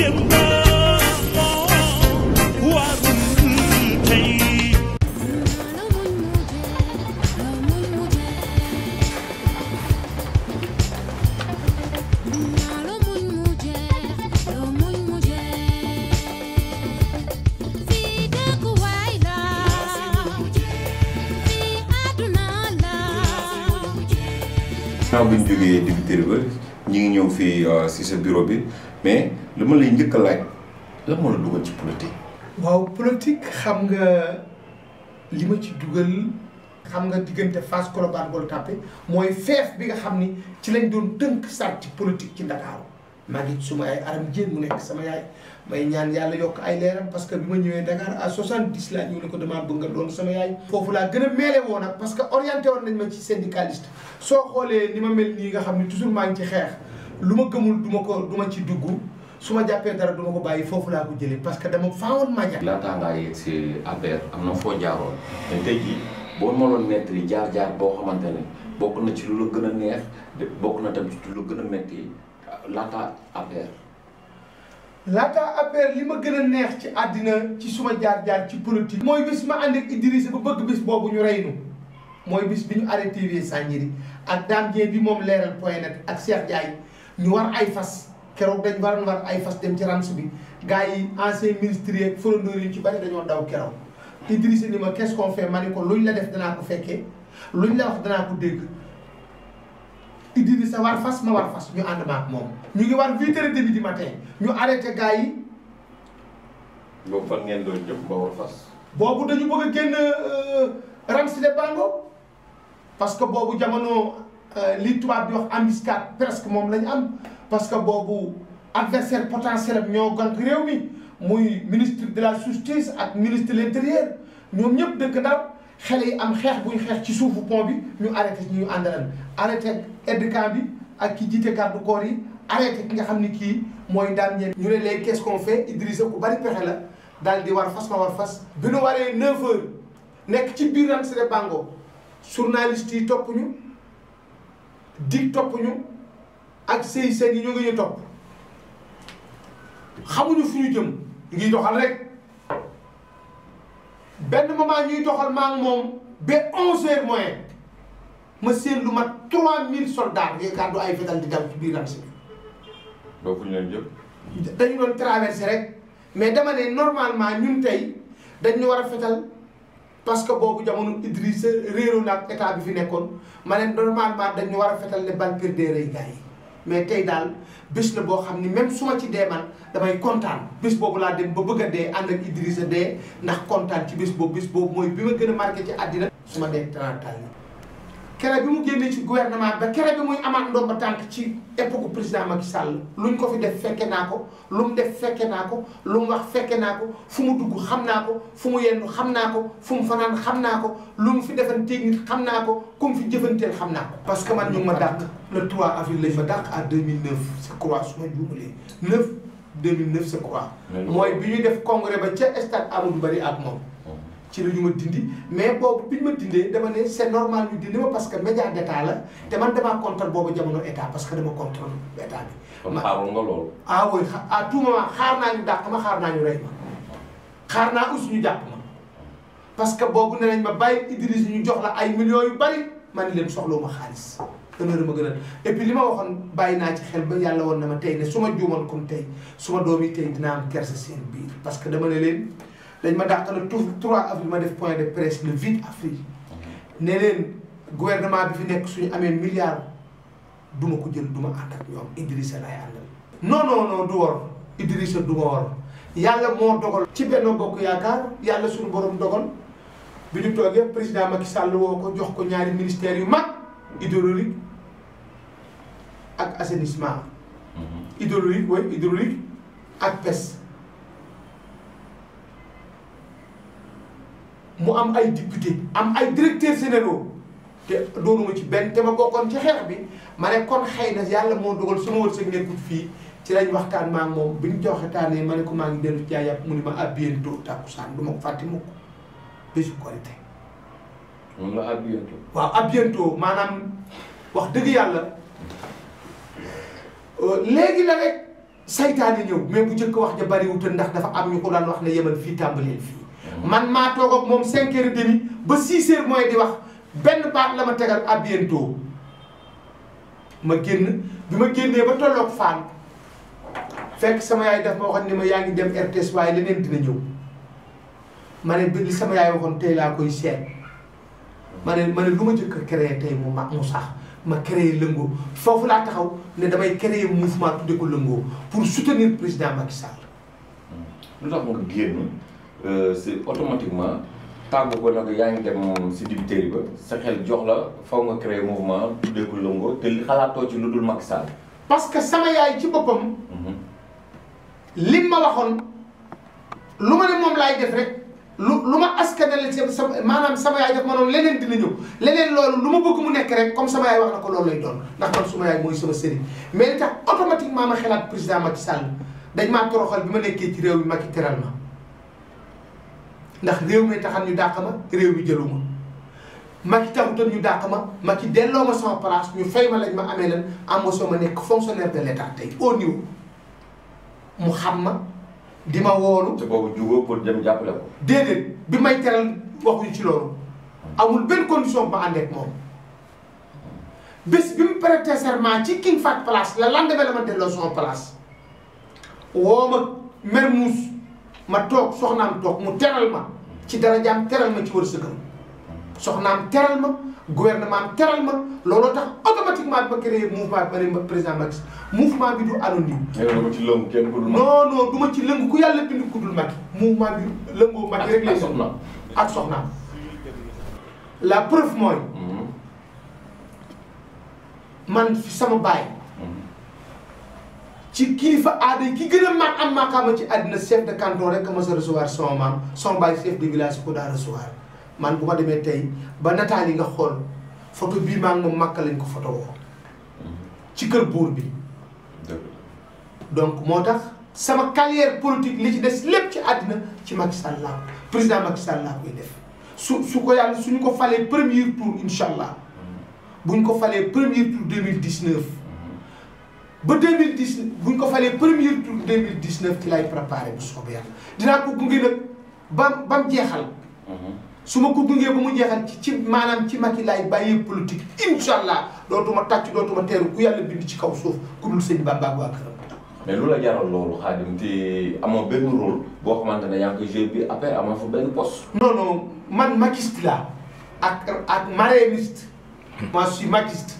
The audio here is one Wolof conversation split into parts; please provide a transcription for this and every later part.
ginnaaw bi ñu jógee dibiteri ba ñu ngi ñëw fii si sa bureau bi mais li ma lay njëkk a laaj lan moo la dugal ci politique. waaw politique xam nga li ma ci dugal xam nga diggante Fass Colobane Gueule Tapée mooy feef bi nga xam ni ci lañ doon tënk sarti politique ci Ndakaaru maa ngi suma ay aram jéen mu nekk sama yaay may ñaan yàlla yokk ay leeram parce que bi ma ñëwee Dakar à 70 laa ñëw ne ko damaa bëgg nga doon sama yaay. foofu laa gën a meele woon parce que orienté woon nañ ma ci syndicaliste soo xoolee ni ma mel nii nga xam ne toujours maa ngi ci xeex. lu ma gëmul du ma ko du ma ci dugg su ma jàppee dara duma ko bàyyi foofu laa ko jëlee parce que dama fawoon maa jàpp. laataa ngaa yegg si affaire am na foo jaaroon mais tey boo mënoon nettali jaar-jaar boo xamante ne bokk na ci lu gën a neex bokk na tam ci lu gën a metti laataa affaire. laataa affaire li ma gën a neex ci àddina ci suma jaar-jaar ci politique. mooy bis ma ànd ak ba bëgg bis boobu ñu rey mooy bis bi ñu arrêté Sandjiri ak Dame bi moom leeral point net ak Cheikh Ndiaye. ñu war ay fas keroog dañ waroon war ay fas dem ci ranch bi gars yi ancien ministrie yeeg fournisseurs yi ci bari dañoo daw keroog Idrissa ni ma qu'est-ce qu'on fait ma ne ko luñ la def danaa ko fekkee ñu la wax danaa ko dégg sa war fas ma war fas ñu ànd ma moom. ñu ngi war huit heures et demi du matin ñu arrêté gars yi. boobu fan ngeen doon jëm ba war fas. boobu dañu bëgg a génn euh, Ramsile Bango parce que boobu jamono. Euh, li de di presque mon la parce que beaucoup adversaire potentiel ñoo ministre de la justice ak ministre de l'Intérieur. Nous, les daal yi am ci pont bi ñu arrêté ñu arrêté de ak ki arrêté ki nga qu'est-ce qu'on fait Idrissa Nous bari pexe la dans di war fas ma war Nous bi nu 9 Nous ci Bango journaliste yi dig top ñu ak sey sey ñu ngi ñu topp xamuñu fu ñu jëm ngi doxal rek ben moment ñuy doxal ma ak mom be 11 h moins ma seen lu ma 3000 soldats ngi gaddu ay fetal di dal ci biir Ramsi bi. doo fu ñu leen jëm. dañu doon traverser rek mais dama né normalement ñun tay dañ ñu war fetal. parce que boobu jamono Idrissa réeru na ak état bi fi nekkoon ma ne normalement dañu war a fetal ne bal perdee rëy gars yi mais tey daal bés la boo xam ni même su ma ci dee man damay kontaan bés boobu laa dem ba bëgg a dee ànd ak Idrissa dee ndax kontaan ci bés boobu bés boobu mooy bi ma gën a marqué ci àddina su ma dee kere bi mu génnee ci gouvernement ba kere bi muy amaat ndomba tànk ci époque président Macky Sall luñ ko fi def fekke naa ko lu mu def fekke naa ko lu mu wax fekke naa ko fu mu dugg xam naa ko fu mu yendu xam naa ko fu mu fanaan xam naa ko lu mu fi defan technique xam naa ko ku mu fi jëfanteel xam naa ko parce que man ñu ma dàq le 3 avril lañ fa dàq à 2009 c'est croix su ma juumalee 9 2009 c'est mooy bi ñu def congrès ba ca stade Amadou Barry ak moom ci la ma dindi mais boobu bi ñu ma dindee dama ne c'est normal ñu dindi ma parce que média d'état la te man damaa contre boobu jamono état parce que dama contre état bi. ma nga loolu. ah oui xaar naa ñu dàq ma xaar naa ñu rey ma xaar naa aussi ñu jàpp ma parce que boobu nee nañ ma bàyyi Idriss ñu jox la ay millions yu bari man leen soxloo ma xaalis. honneur ma gën a et puis li ma waxoon bàyyi naa ci xel ba yàlla woon na ma tey ne su ma juumoon comme tey su ma doom yi tey dinaa am kersa seen que dama dañ ma dàq le 3 avril ma def point de presse le 8 avril ne len gouvernement bi fi nek suñu amé milliard duma ko jël duma ànd ak ñoom Idrissa lay àndal non non non du wor Idrissa du ma wor yalla mo dogal ci benn bokk yaakar yalla suñu borom dogal bi ñu toge président Macky Sall wo ko jox ko ñaari ministère yu mag hydraulique ak assainissement mhm. hydraulique way hydraulique ak pêche mu am ay député am ay directeurs généraux te doonuma ci benn te ma bokkoon ci xeex bi ma ne kon xëy na yàlla moo dogal sama wërsëg ngeen ko fii ci lañ waxtaan maa moom bi ñu joxetaanee ma ne ko maa ngi dellu ci yàlla mu ne ma à bientôt tàkkusaan du ma ko fàtte mukk bésu korité moom la à bientôt waaw à bientôt maanaam wax dëgg yàlla euh, léegi la rek saytaane ñëw mais bu njëkk wax ja bariwutoon ndax dafa am ñu ko daan wax ne yemal fii tàmbaleel fii man maa toog ak moom 5 heures et demi ba 6 mooy di wax benn baat la ma tegal à bientôt ma génn bi ma génnee ba tolloog Fann fekk sama yaay daf ma waxoon ne ma yaa ngi dem RTS waaye leneen dina ñëw ma ne bi li sama yaay waxoon tey laa koy seet ma ne ma ne lu ma jëkk a créé tey mu mag mu sax ma créé lëngoo foofu laa taxaw ne damay créé mouvement tudde ko lëngoo pour soutenir président Macky lu tax moom génn. Euh, si automatiquement tàggu ko nag yaa ngi dem si dibiteri ba sa xel jox la faw nga créer mouvement tuddee ko Longo te xalaatoo ci lu dul Macky Sall parce que sama yaay ci boppam. Mhm. lim ma waxoon lu ma ne moom laay def rek lu lu ma askanale ci sa maanaam sama yaay def ma leneen dina ñëw leneen loolu lu ma bëgg mu nekk rek comme sama yaay wax na ko loolu lay doon ndax man suma yaay mooy sama sëriñ mais li tax automatiquement ma xalaat président dañ maa toroxal bi ma nekkee ci réew mi Macky ndax réew mi taxan ni dàq ma réew bi jëlu ma Macky taxutoon ñu dàq ma ma Macky delloo ma sama place ñu fay ma lañ ma amee lan embauché ma nekk fonctionnaire de l'état tey au niveau mu xam ma di ma woolu te boobu jugoo jàppale ko. déedéet bi may teral waxuñu ci loolu amul benn condition ba ànd ak moom bés bi mu prêté serment ci kin Fahd Palace la lendemain la ma delloo sama place woo ma Mermoz ma toog soxnaam toog mu teral ma ci darajaam teral ma ci wërsëgam soxnaam teral ma gouvernement teral ma looloo tax automatiquement bi ma créé mouvement ma ne président Macky mouvement bi du anonyme. mais ci lëngu kenn ku dul non non du ma ci lëngu ku yàlla bind ku dul Macky mouvement bi lëngoo Macky rek lay soxna ak soxnaam la preuve mooy. Mhm. man sama baay. ci kilifa aada yi ki gën a mag am maqaama ci àddina chef de canton rek ma sa recevoir sama maam sama baay chef de village ko daa recevoir man bu ma demee tey ba nataal yi nga xool photo bii maa ngi moom màkk lañ ko photo woo ci kër buur bi donc moo tax sama carrière politique li ci des lépp ci àddina ci Macky Sall laa président Macky Sall laa koy def su su ko yàlla suñu ko falee premier tour incha allah mm. buñ ko falee premier tour 2019 ba deux buñ ko falee premier tour 2019 ci lay préparer bu soobee yàlla dinaa ko gunge nak bam bam mu jeexal. Mhm. su ko gungee bu mu jeexal ci ci maanaam ci Macky laay bàyyee politique incha allah dootuma tàcc dootuma teeru ku yalla bind ci kaw suuf ku dul sëñ Bamba ak waa mais lu la jaral lolu Khadim te amo ben rôle bo xamantene ne yaa ngi koy bi après amo fa ben poste. non non man mackiste laa ak ak maréniste. moi je suis mackiste.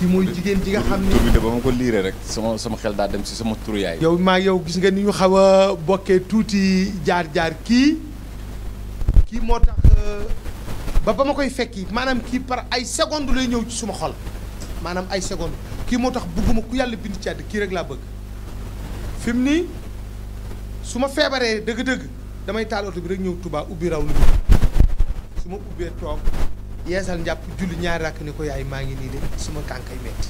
ki moy jigen ji nga xamni tur de bama ko lire rek sama sama xel da dem ci sama turu yaay yow ma yow gis nga ni ñu xawa bokké tuti jaar jaar ki ki motax euh, ba bama koy fekki manam ki par ay seconde lay ñew ci suma xol manam ay seconde ki motax bëgguma ku yalla bind ci ad ki rek la bëgg fimni suma febaré deug deug damay tal auto bi rek ñew touba ubbi raw lu suma ubbé tok yeesal njàpp julli ñaari rakk ni ko yaay maa ngi nii de suma tànkay metti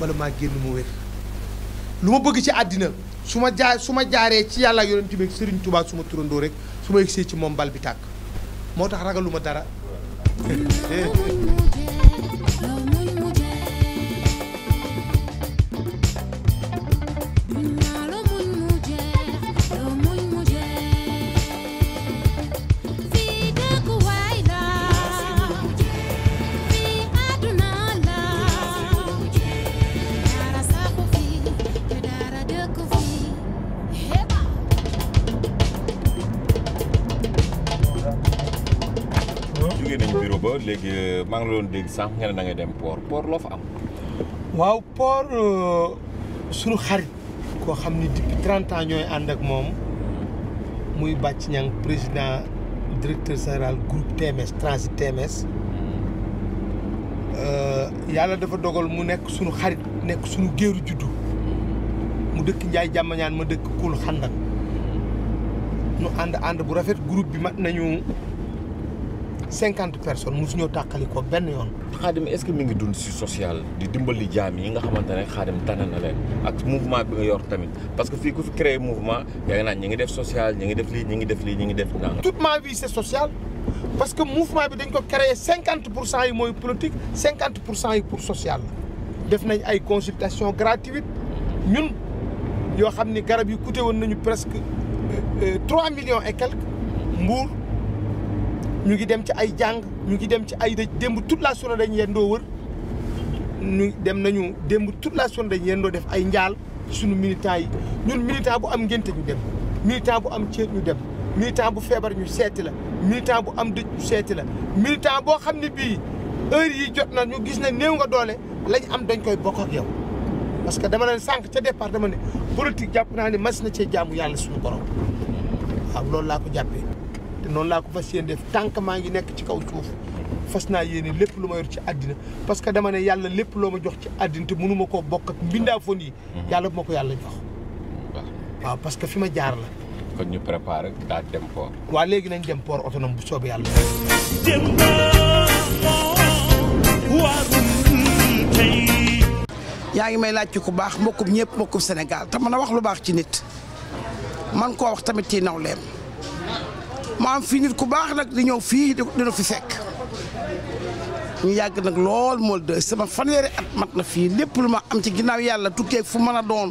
wala maa génn ma wér lu ma bëgg ci àddina su ma jaar su ma jaaree ci yàlla yonent bi Sëriñ Tuubaa su ma turandoo rek su ma yegsee ci moom bal bi tàkk moo tax ragalu ma dara léegi maa ngi doon dégg sànq nga dem am. wow por euh, suñu xarit koo xam ni depuis andak ans ñooy ànd ak moom muy Bàcc Ñang président directeur général groupe TMS transit TMS euh, yàlla dafa dogal mu nekk suñu xarit nek suñu géeru juddu mu dëkk Njaay Jàmmañaan ma Kul Xandak hmm. ñu and ànd bu rafet groupe bi mat nañu. 50 personnes nous ñu takali ko ben yoon. xaadim est-ce que mi ngi dund social di dimbali jami yi nga xamantene ne tanana len ak mouvement bi nga yor tamit parce que fi ku fi créer mouvement yaa ngi ñi ngi def social ñi ngi def li ñi ngi def li ñi ngi def toute ma vie c'est social parce que mouvement bi dañ ko créer 50% pour yi politique 50% yi pour social def nañ ay consultation gratuite ñun yo xamni ni garab yi coûté woon nañu presque euh, euh, trois millions et quelques mbuur. ñu ngi dem ci ay jàng ñu ngi dem ci ay dëj démb toute la journée dañ yendoo wër ñu dem nañu démb toute la journée dañ yendoo def ay njaal suñu militant yi ñun militant bu am ngénte ñu dem militant bu am ceet ñu dem militant bu feebar ñu seeti la militant bu am dëj ñu seeti la militant boo xam ne bii heure yi jot na ñu gis ne néew nga doole lañ am dañ koy bokk ak yow parce que dama leen sànq ca départ dama ne politique jàpp naa ne mas na cee jaamu yàlla suñu borom waaw loolu laa ko jàppee noonu laa ko fas yéene def tànk maa ngi nekk ci kaw suuf fas naa yéene lépp lu ma yor ci àddina parce que dama ne yàlla lépp loo ma jox ci àddina te mënu ma koo bokk ak mbindaafoon yi. Mhm. yàlla ko yàlla jox. waaw parce que fi ma jaar la. kon ñu préparé daal dem port. waaw léegi nañ dem port autonome bu soobee yàlla. yaa ngi may laaj ci ku baax mbokkum ñëpp mbokkum Sénégal te mën a wax lu baax ci nit man koo wax tamit ci nawleem ma fii nit ku baax nag di ñëw fii dina fi fekk ñu yàgg nag lool Molde de sama fanweeri at mat na fii lépp lu ma am ci ginnaaw yàlla tukkee fu man a doon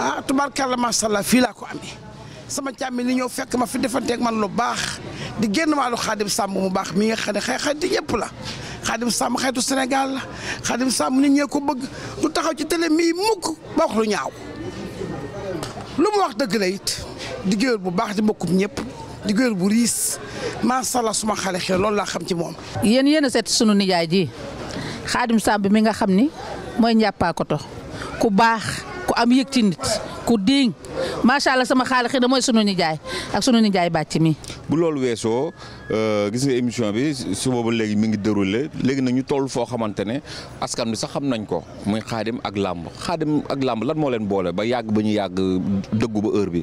ah tubaarkàlla macha allah fii laa ko amee sama càmmi li ñëw fekk ma fi defanteeg man lu baax di génn wàllu xaadim sàmm mu baax mi nga xam ne xay xayti ñëpp la xaadim sàmm xaytu Sénégal la xaadim sàmm nit ñee ko bëgg du taxaw ci télé mii mukk ba wax lu ñaaw lu mu wax dëgg la it di bu baax di bokkum ñëpp di góor bu riis macha allah suma xale loolu laa xam ci moom. yéen yéen set sunu nijaay ji xaadim Samb mi nga xam ni mooy njàppaakoto ku baax ku am yëg ci nit ku diiñ macha allah sama xaale xel mooy sunu nijaay ak sunu nijaay bàcc mi. bu loolu weesoo euh, gis nga émission bi su boobu léegi mi ngi déroulé léegi nag ñu toll foo xamante ne askan bi sax xam nañ ko muy xaadim ak làmb xaadim ak làmb lan moo leen boole ba yàgg ba ñu yàgg dëggu ba heure bi.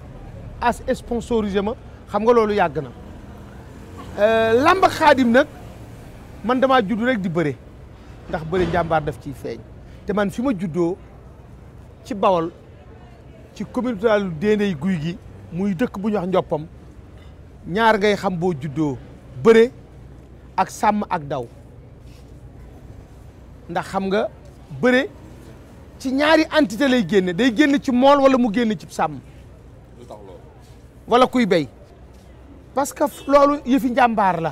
as sponsorisé ma xam nga loolu yàgg na euh, làmb ak xaadim nag man damaa judd rek di bëre ndax bëre njàmbaar def ciy feeñ te man fi ma juddoo ci Bawol ci communauté lu déeney guy gi muy dëkk bu ñu wax njoppam ñaar ngay xam boo juddoo bëre ak sàmm ak daw ndax xam nga bëre ci ñaari entité lay génne day génn ci mool wala mu génn ci sàmm wala kuy béy parce que loolu yëfi njàmbaar la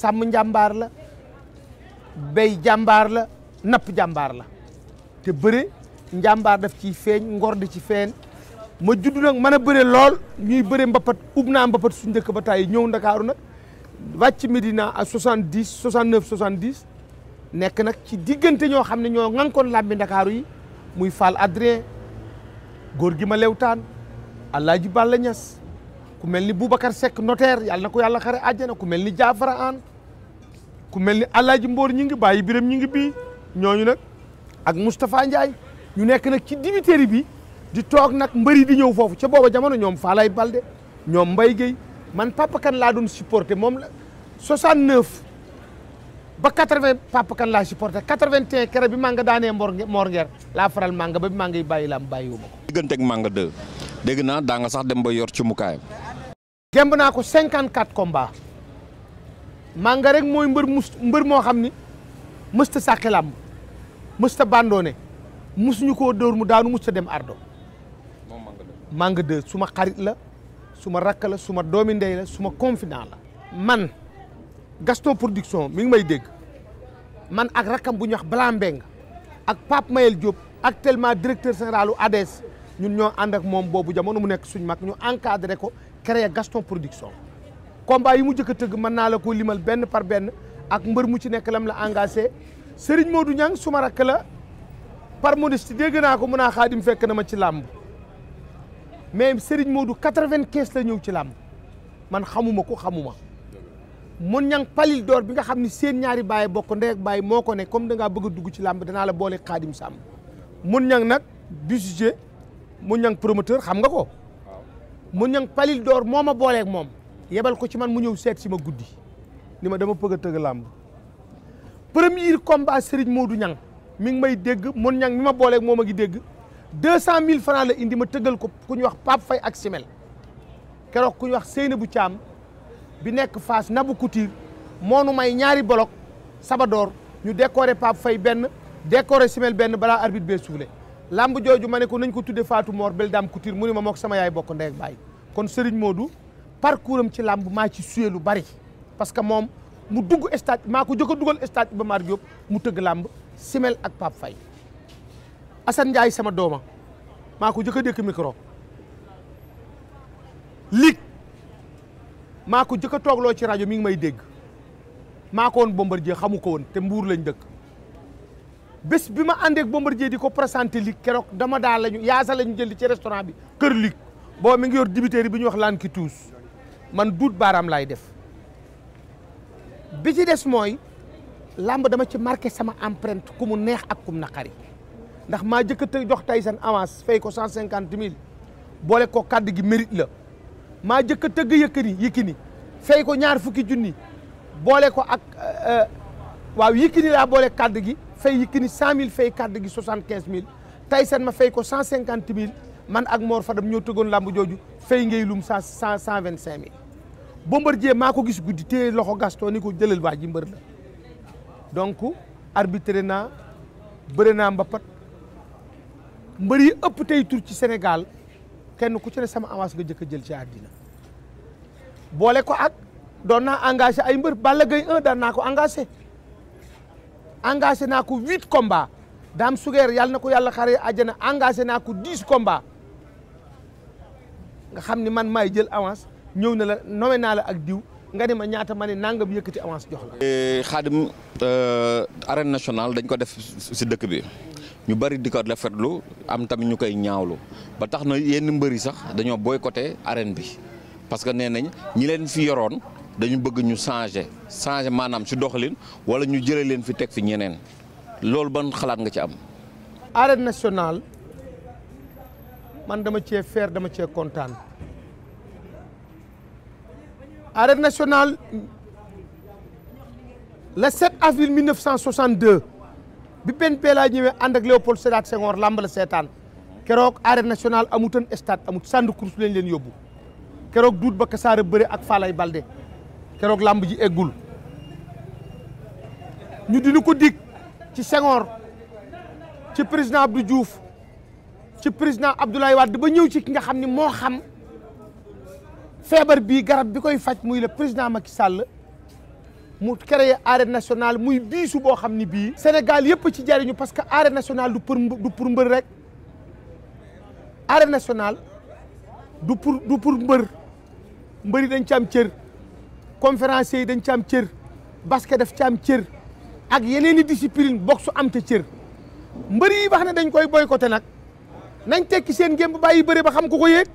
sàmm njàmbaar la béy jàmbaar la napp jàmbaar la te bëre njàmbaar def ci feeñ ngor di ci feeñ ma judd nag mën a bëre lool ñuy bëre mbapat ub naa mbapat suñ njëkk ba tàyyi ñëw ndakaaru nag wàcc Medina à soixante dix soixante neuf soixante dix nekk nag ci diggante ñoo xam ne ñoo ŋànkoon làmbi ndakaaru yi muy Fall Adrien góor gi ma lewtaan Alaaji Balla Ñas ku mel ni bu Seck sekk yàlla na ko yàlla xare àjjana ku mel ni Jaafara Aan ku mel ni Alaaji Mboor ñi ngi bàyyi biram ñi ngi bii ñooñu nag ak Moustapha Ndiaye ñu nekk nak ci dibiteri bi di toog nag mbëri di ñëw foofu ci booba jamono ñoom Falaye Balde ñoom Mbaye Guèye man Papa Kane laa doon supporté moom la 69 ba 80 Papa Kane laa supporté 81 kere bi Manga daanee Mor Mor Ngeer laa faral Manga ba bi Manga yi bàyyi la am bàyyiwu ma ko. digganteeg dégg naa daa sax dem ba yor gemb na ko 54 combat Manga rek moy mbeur mbeur mo xamni musta bandone, musta bandone làmb mësta bandoone mu daanu musta dem ardo Manga de suma xarit la suma rak la suma domi ndey la suma confident la man Gaston Production mi ngi may deg man ak rakam bu wax ak pap Mayel ak tellement directeur général ades andak ñun ño and ak mom bobu jamono mu nek suñ mak ñu encadrer ko créé Gaston Production combat yi mu njëkk a tëgg mën naa la koo limal benn par benn ak mbër mu ci nekk lam la engagé Serigne Modou Niang suma rakk la par moo modestie dégg naa ko mun naa xaadim fekk na ma ci làmb mais Serigne Modou quatre-vingt-quinze la ñëw ci làmb man xamuma ko xamuma mun ñang palil door bi nga xam ni seen ñaari baay bokk ndey baay moo ko ne comme da ngaa bëgg a dugg ci làmb danaa la boole xaadim sàmm mun ñang nag budget mun ñang promoteur xam nga ko mu ñang palil dor moma ma ak mom, yebal ko ci man mu ñew sét si ma guddi ni ma dama bëgg teug lamb premier combat Serigne Modou ñang mi ngi may dégg mun ñang mi ma bolé ak moma gi dégg 200000 francs la indi ma teugal ko ku ñu wax pap seni ak Simel kérok ku ñu wax Seynabou cham bi nekk face nabu Couture monu may ñaari bolok sabador ñu décorer pap fay ben décorer Simel ben bala arbitre bee soulé lamb jooju ma ne ko nañ ko tudde faatumoor Mor bel daam Couture mu ne ma mook sama yaay bokk ndey baay kon Serigne Modou parcours am ci lamb maa ci suyee lu bari parce que moom mu dugg stade maa ko jëkk a dugal stade ba Mar Diop mu tëgg lamb Simel ak Pape fay Assane sama dooma maa ko jëkk a dékk micro lig maa ko jëkk a toogloo ci rajo mi ngi may dégg maa ko woon Bombardier xamu ko woon te mbuur lañ dëkk bés bi ma ànd ak jee di ko présenté lig keroog dama daal lañu yaasa lañu jël ci restaurant bi kër lig boo mi ngi yor dibiteeri bi ñu wax laan ki tuus man duut baaraam laay def bi ci des mooy làmb dama ci marqué sama empreinte ku mu neex ak ku mu naqari ndax maa jëkkata jox Tyson avance fay ko cent cinquante mille boole ko kàddu gi mérite la maa jëkk a tëgg Yékini Yékini fay ko ñaar fukki junni boole ko ak euh, euh, waaw Yékini laa boole kàddu gi fay Yékini cent mille fay kàddu gi soixante quinze mille Tyson ma fay ko cent cinquante mille man ak moor Mor Fadam ñoo tëggoon làmb jooju fay ngay lum cent cent cent vingt cinq mille Bombardier maa ko gis guddi téye loxo Gaston ni ko jëlal waa ji mbër la donc arbitré naa bëri naa mbapat mbër yi ëpp tey tur ci Sénégal kenn ku ci ne sama avance nga jëkk a jël ci àddina boole ko ak doon naa engagé ay mbër Balla Gaye 1 daan naa ko engagé engagé naa 8 huit dam Dame yal yàlla na ko yàlla xare àjjana engagé naa ko dix nga xam man may jël avance ñëw na la nommé naa la ak diw nga ne ma ñaata ma nangam yëkkati avance jox la. xaadim eh, euh, arène nationale dañ ko def dëkk bi ñu bari di ko am tamit ñu koy ñaawlu ba tax na yenn mbër yi sax dañoo boycotté arène bi parce que nee ñi leen fi dañu bëgg ñu changer changer maanaam si doxalin wala ñu jëlee leen fi teg fi ñeneen loolu ban xalaat nga ci am. arène national man dama cee feer dama cee kontaan arène national le 7 avril 1962 bi PNP laa ñëwee ànd ak Léopold Sédar Senghor làmb la seetaan keroog arène national amutoon stade amut sànd course lañ leen yóbbu keroog duut ba kasaara bëre ak Falay Balde. keroog làmb ji egul. ñu di lu ko dig ci Senghor ci président Abdou Diouf ci président Abdoulaye Wade ba ñëw ci ki nga xam ne moo xam feebar bii garab bi koy faj muy le président Macky Sall mu créé arène nationale muy biisu boo xam Sénégal ci jariñu parce que arène nationale du pour du pour mbër rek arène nationale du pour du pour mbër mbëri dañ ci am cër. conférenciers yi dañ ci am cër basket daf ci am cër ak yeneen i discipline boxe am te cër mbër yi wax ne dañ koy boycotté nag nañ tekki seen gémb bàyyi bëri ba xam ko ko yéeg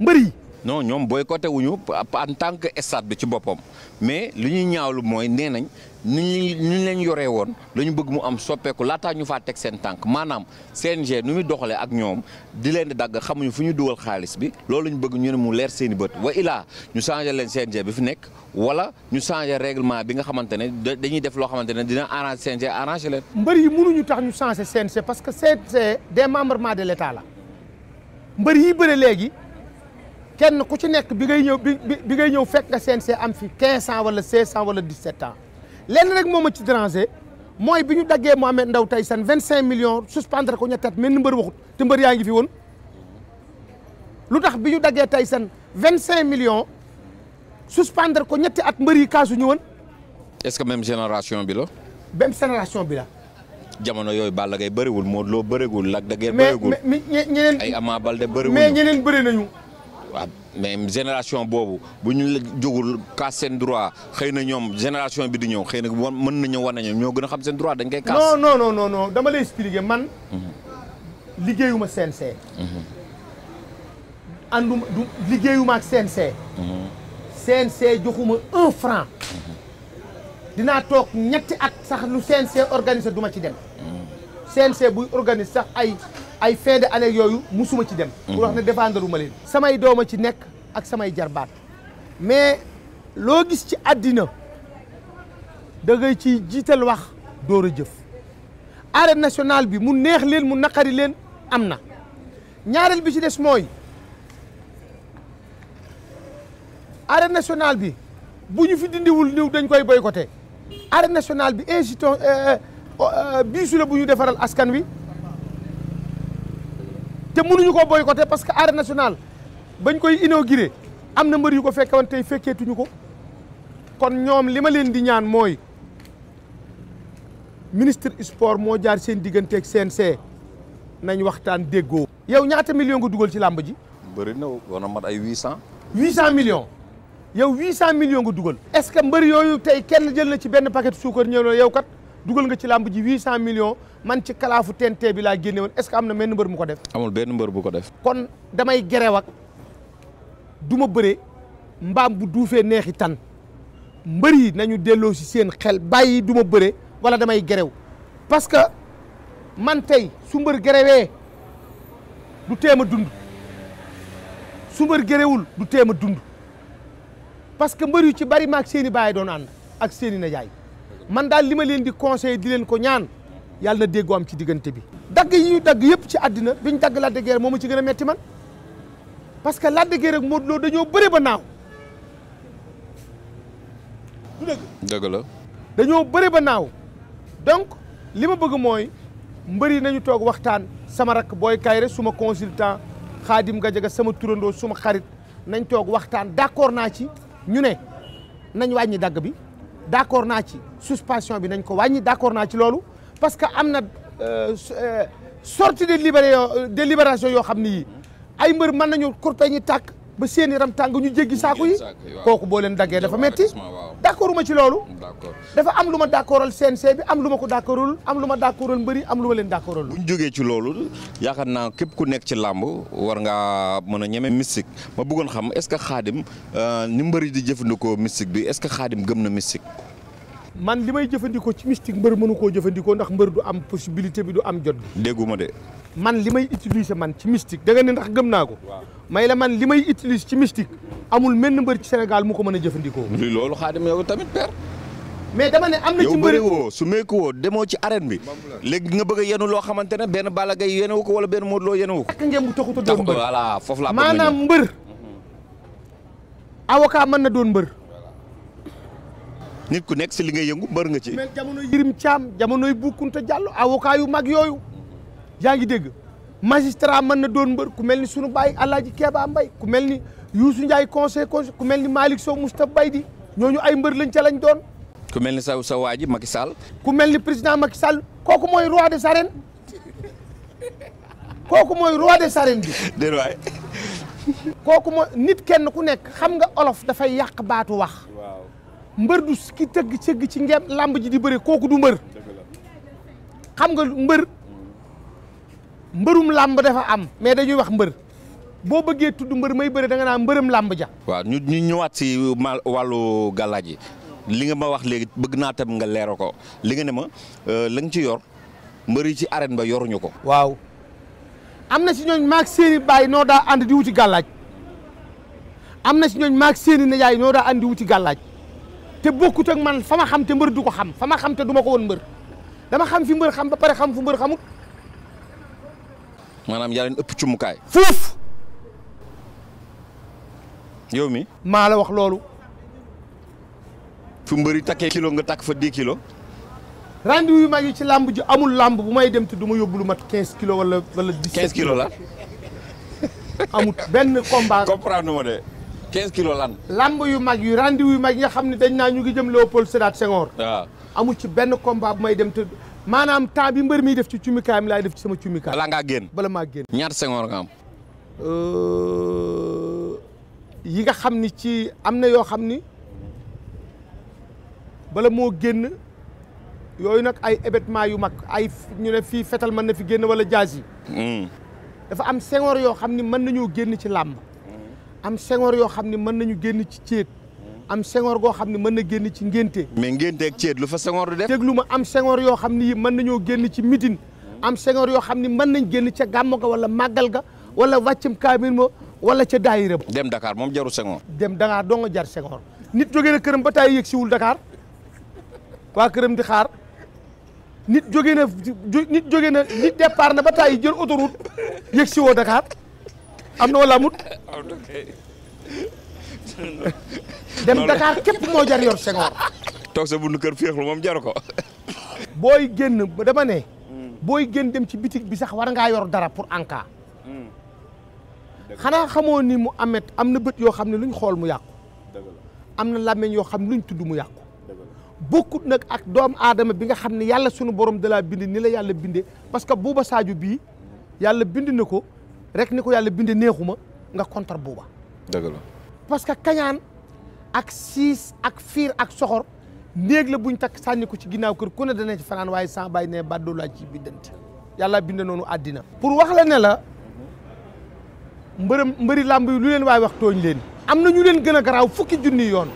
mbër yi non ñoom boycotté wuñu en tant que stade bi ci boppam mais li ñuy ñaawlu mooy nee nañ ni ñu leen yoree woon la ñu bëgg mu am soppeeku laataa ñu faa teg seen tànk maanaam CNG nu muy doxalee ak ñoom di leen di dagg xamuñu fu ñu dugal xaalis bi loolu la ñu bëgg ñu ne mu leer seeni bët wa ilaa ñu changé leen CNG bi fu nekk wala ñu changé règlement bi nga xamante ne dañuy def loo xamante ne dina arrangé CNG mbër yi mënuñu tax ñu changé CNG parce que CNG démembrement de l' état la mbër yi bëre léegi kenn ku ci nekk bi ngay ñëw bi bi ngay ñëw fekk nga CNG am fi 15 ans wala 16 ans wala 17 ans. lenn rek moom ma ci déranger mooy bi ñu daggee Mohamed Ndaw tey seen vingt cinq millions suspendre ko ñetti at mel ni mbër waxut te mbër yaa ngi fi woon lu tax bi ñu daggee tey seen vingt cinq millions suspendre ko ñetti at mbër yi kaasuñu woon est-ce que même génération bilo la même génération bi la jamono yooyu Balla Gaye bëriwul Modou loo bëriwul lag de Guiers bëriwul ay Ama Baldé bëriwul mais ñeneen bëri nañu Ah, même génération bobu bu ñu la jógul kaas seen droit xeyna ñom génération bi di ñew xeyna mën nañu war ñom ñoo gëna xam sen droit dañ koy. kaas non non non non dama lay expliquer man. Mhm. ligéyuma CNC. andum mhm. du liggéeyuma ak CNC. CNC mhm. joxuma 1 franc. dina tok ñetti at sax lu CNC organiser duma ci dem. CNC bu organiser sax ay. ay fin de yooyu musuma ci dem mhm. pour wax ne défendre ma leen samay doom a ci nekk ak samay jarbaat mais loo gis ci àddina da ngay ciy jiital wax door a jëf arène nationale bi mu neex leen mu naqari leen am na ñaareel bi ci des mooy arène nationale bi bu ñu fi dindiwul niw dañ koy boycotté arène nationale bi institution euh, euh, euh, biisu la bu ñu defaral askan wi te mënuñu ko boycotté parce que arène nationale bañ koy inauguré am na mbër yu ko fekke woon tey fekkeetuñu ko kon ñoom li ma leen di ñaan mooy ministre sport moo jaar seen diggante seen CNC nañ waxtaan déggoo. yaw ñaata million nga dugal ci làmb ji. bëri na war na mat ay huit cent. huit cent million yaw huit cent millions nga dugal. est-ce que mbër yooyu tey kenn jël na ci benn paquet suukar ñëw na yow kat. dugal nga ci lamb ji 800 millions man ci kalaafu TNT bi la guéné won est-ce que am na benn mbër mu ko def. amul benn mbeur bu ko def. kon damay gerew ak duma ma mbam bu doufé nexi tan mbeuri nañu délo ci seen xel bayyi duma ma wala damay gerew parce que man tay su mbeur gerewee du téma dund su mbeur gerewul du téma dund parce que mbeur yu ci bari mak seen i baay doon ak seen i najaay man daal li ma leen di conseillé di leen ñaan yàlla na déggoo ci diggante bi. dagg yi ñu dagg yëpp ci àddina biñ dagg Lac de Guiers moomu ci gëna a metti man parce que Lac de Guiers ak dañoo bëre ba naaw. du dëgg. dañoo bëre ba naaw donc li ma bëgg mooy mbëri nañu toog waxtaan sama rakk booy Kayre suma consultant xaadim Gajaga sama turandoo suma xarit nañ toog waxtaan d'accord naa ci ñu ne nañ wàññi dagg bi. d' accord naa ci suspension bi nañ ko wàññi d' accord naa ci loolu parce que am na euh, euh, sortie euh, de libération yoo xam ni ay mbër mën nañu kurte ñi tàkk ba seeni yaram tàng ñu jéggi saako yi kooku boo leen daggee dafa metti d' accord ci loolu dafa am lu ma d' accordal CNC bi am lu ma ko d' accordul am ma d' accordal mbëri am lu ma leen d' accordal bu jógee ci loolu yaakaar naa képp ku nekk ci làmb war ngaa mën a ñemee mystique ma bëggoon xam est ce que xaadim euh, ni mbëri di jëfandikoo mystique bi est ce que xaadim gëm na mystique man li may jëfandikoo ci mystique mbër mënu koo jëfandikoo ndax mbër du am possibilité bi du am jot gi de man li may utiliser man ci mystique da nga ndax gëm naa ko may la man li may utilise ci mystique amul menn mbër ci Sénégal mu ko mën a jëfandikoo. muy loolu xaadim yow tamit père. mais dama ne am na ci mbër yow su meeku woo demoo ci arène bi léegi nga bëgg a yenu loo xamante ne benn Balla Gaye yenewu ko wala benn Modou Lo yenewu ko. ak ngeen bu taxut a doon mbër voilà maanaam mbër. avocat mën na doon mbër. nit ku nekk si li ngay yëngu mbër nga ci. mais jamono Yirim Thiam jamonoy Boukounta Diallo avocat yu mag yooyu yaa ngi dégg. magistrat man na doon mbeur ku melni sunu baye Alaaji keba Mbay ku melni ni ndjay conseil conseil ku melni ni Sow mustapha baye di ñooñu ay mbeur lañ ci lañ doon. ku melni ni sa sa Macky Sall. ku melni ni Macky Sall koku moy roi de sarène koku moy roi de sarène bi. de roi koku mo nit kenn ku nek xam nga olof fay yàq baatu wax. mbeur du ki teug cëgg ci ngem lamb ji di beure koku du mbeur xam nga mbeur mbërum làmb dafa am mais dañuy wax mbër boo bëggee tudd mbër may bëre da naa mbërëm làmb ja waaw ñu ñu ñëwaat si ma wàllu gàllaaj yi li nga ma wax léegi bëgg naa tam nga leero ko li nga ne ma euh, la ci yor mbër yi ci arène ba yoruñu ko waaw am na si ñooñ maag seeni baay noo daa ànd di wuti gàllaaj am na si ñooñ maag seeni nijaay noo daa ànd di wuti gàllaaj te bokkut man fa ma xam te mbër du ko xam fa ma xam te du ma mbër dama xam fi mbër xam ba pare xam fu mbër xamut maanaam yaa leen ëpp cumukaay fuuf yow mi maa la wax loolu fu mbëri takee kilo nga takk fa 10 kilo rendez-vous yu mag yi ci làmb ji amul làmb bu may dem te du ma yóbbu lu mat 15 kilos wala wala 17 kilos la amut benn combat. comprendre ma de 15 kilos lan. làmb yu mag yu rendez yu mag yi nga xam ne dañ naa ñu ngi jëm Léopold Sédar Senghor. waaw ah. amu ci benn combat bu may dem te manam ta bi mbeur mi def ci cumikaayam lay def ci sama cumikaay. balaa nga génn bala maa génn. ñaata sengoor nga am. euh yi nga xamni ci amna yo xamni bala mo génn yooyu nak ay événement yu mak ay ñu ne fi fetal man na fi génn wala jazi hmm dafa am sengoor yoo xam ni mën nañoo génn ci làmb. am sengoor yoo xam ni mën nañu génn ci ciet am sengoor goo xam ne mën na génn ci ngénte mais ngénte ak ceet lu fa sengoor du def déglu ma am sengoor yoo xam ne yi mën nañoo génn ci mitin am sengoor yoo xam ne mën nañ génn ca gàmmu ga wala màggal ga wala wàccam kaamil ma wala ca daayira ba dem Dakar moom jaru sengoor dem Dakar doo nga jar sengoor nit jógee na këram ba taay yëg siwul Dakar waa këram di xaar nit jógee na nit jógee na nit départ na ba taay jël autoroute yëg siwo woo Dakar am na wala dem Dakar képp moo jar yor Senghor. toog sa buntu kër féexlu moom jaru ko. booy génn dama ne. Hmm. booy génn dem ci bitig bi sax war ngaa yor dara pour en cas. Hmm. xanaa xamoo ni mu amet am na bët yoo xam ne luñ xool mu yàqu. am na làmmiñ yoo xam ne luñ tudd mu yàqu. bokkut nag ak doom aadama bi nga xam ne yàlla sunu borom da laa bind ni la yàlla binde parce que buuba Sadio bii yàlla bind na ko rek ni ko yàlla bindee neexuma nga contre buuba. dëgg la. parce que kañaan ak siis ak fiir ak soxor néeg la buñ takk sànni ko ci ginnaaw kër ku ne dana ci fanaan waaye sans bàyyi ne bàddoolaa ci bindante yàlla bind noonu pour wax la ne la mbërëm mbëri làmb yi lu leen waaye wax tooñ leen am na ñu leen gën a garaaw fukki junni yoon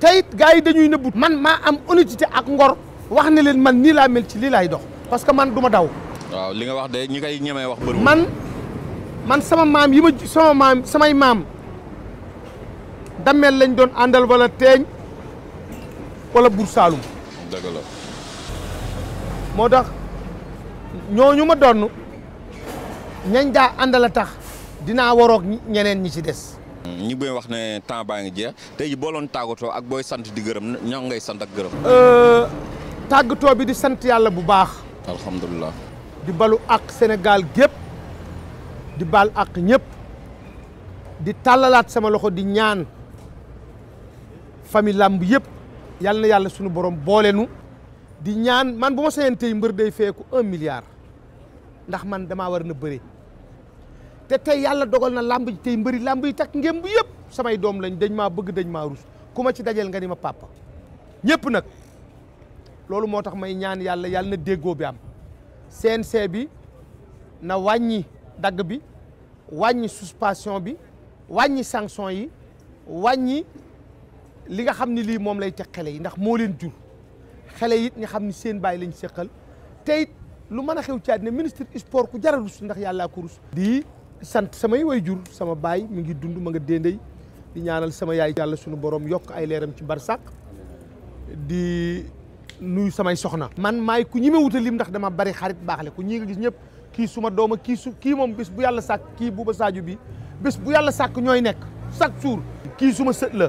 teyit gars yi dañuy nëbbu man maa am honnêteté ak ngor wax ne leen man nii laa mel ci lii laay dox parce que man du ma daw waaw li nga wax de ñi kay ñemee wax bëri man man sama maam yi ma sama maam samay maam Damel lañ doon balateng, wala teñ wala bour salum dëgg la moo tax ñooñu ma donu ñañ da andala tax dina waroog ñeneen ñi ci dess ñi bu wax ne temps jeex ji ak boy sant di gërem ñoo ngay sant ak euh tàggatoo bi di sant yalla bu baax alhamdullilah di balu ak Senegal gep di bal ak ñep di talalat sama loxo di ñaan famille làmb yëpp yal na yàlla suñu borom boole nu di ñaan man bu ma sañoon tey mbër day feeku un milliard ndax man dama war na bëre te tey yàlla dogal na làmb ji tey mbëri làmb yi takk ngémb yëpp samay doom lañ dañ maa bëgg dañ ma rus ku ci dajeel nga ni ma papa ñëpp nag loolu moo tax may ñaan yàlla yàlla na déggoo bi am CNC bi na wàññi dagg bi wàññi suspension bi wàññi sanction yi wàññi li nga xam ni lii moom lay teg xele yi ndax moo leen jur xale it nga xam ni seen baay lañ seqal tey lu mën a xew ci àddina ministre sport ku jar a ndax yàllaa kurus di sant samay way jur sama baay mi ngi dund ma nga déndey di ñaanal sama yaay yàlla sunu borom yokk ay leeram ci bar barsàq di nuyu samay soxna man maay ku ñi ma wuta lim ndax dama bari xarit baaxle ku ñi nga gis ñëpp kii suma dooma kii su kii moom bés bu yàlla sàkk kii buuba saaju bi bés bu yàlla sàkk ñooy nekk chaque jour kii suma sët la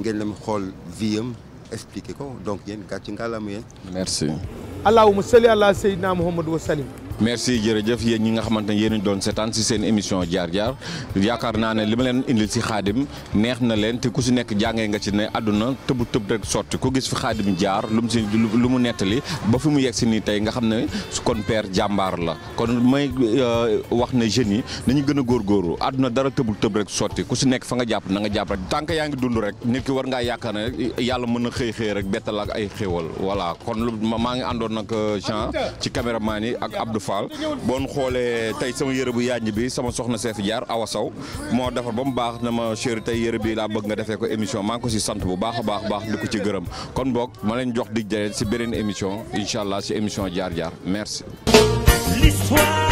ngeen dem xool vie expliquer ko donc yéen gatch ngalam yéen merci allahumma salli ala sayyidina muhammad wa sallim merci jërëjëf yéen ñi nga xamantene yeen doon sétane ci seen émission jaar jaar yaakar naa ne li leen indil ci xaadim neex na leen te ku ci nekk jàngee nga ci ne aduna teub teub rek sorti ku gis fi xaadim jaar lu mu lu mu netali ba fi mu yegg ci ni tay nga xam ne kon père jambar la kon may euh, wax ne jeune yi nañu gëna gor gor aduna dara teub teub rek sorti ku ci nekk fa nga japp na nga japp rek tank que yaa dund rek nit ki war nga yaakar ne yalla mëna xey xey rek bettal ak ay xewal voilà kon ma nga ngi nak nag euh, Jean ci caméraman yi ak Abdou Fall bon xoolee tey sama yëre bu yànj bi sama soxna see fi jaar Awa Sow moo defar ba mu baax na ma chéri tey yëre bii laa bëgg nga defee ko émission maa ko si sant bu baax a baax baax di ko ci gërëm kon boog ma leen jox dig jaye si beneen émission incha allah si émission jaar jaar merci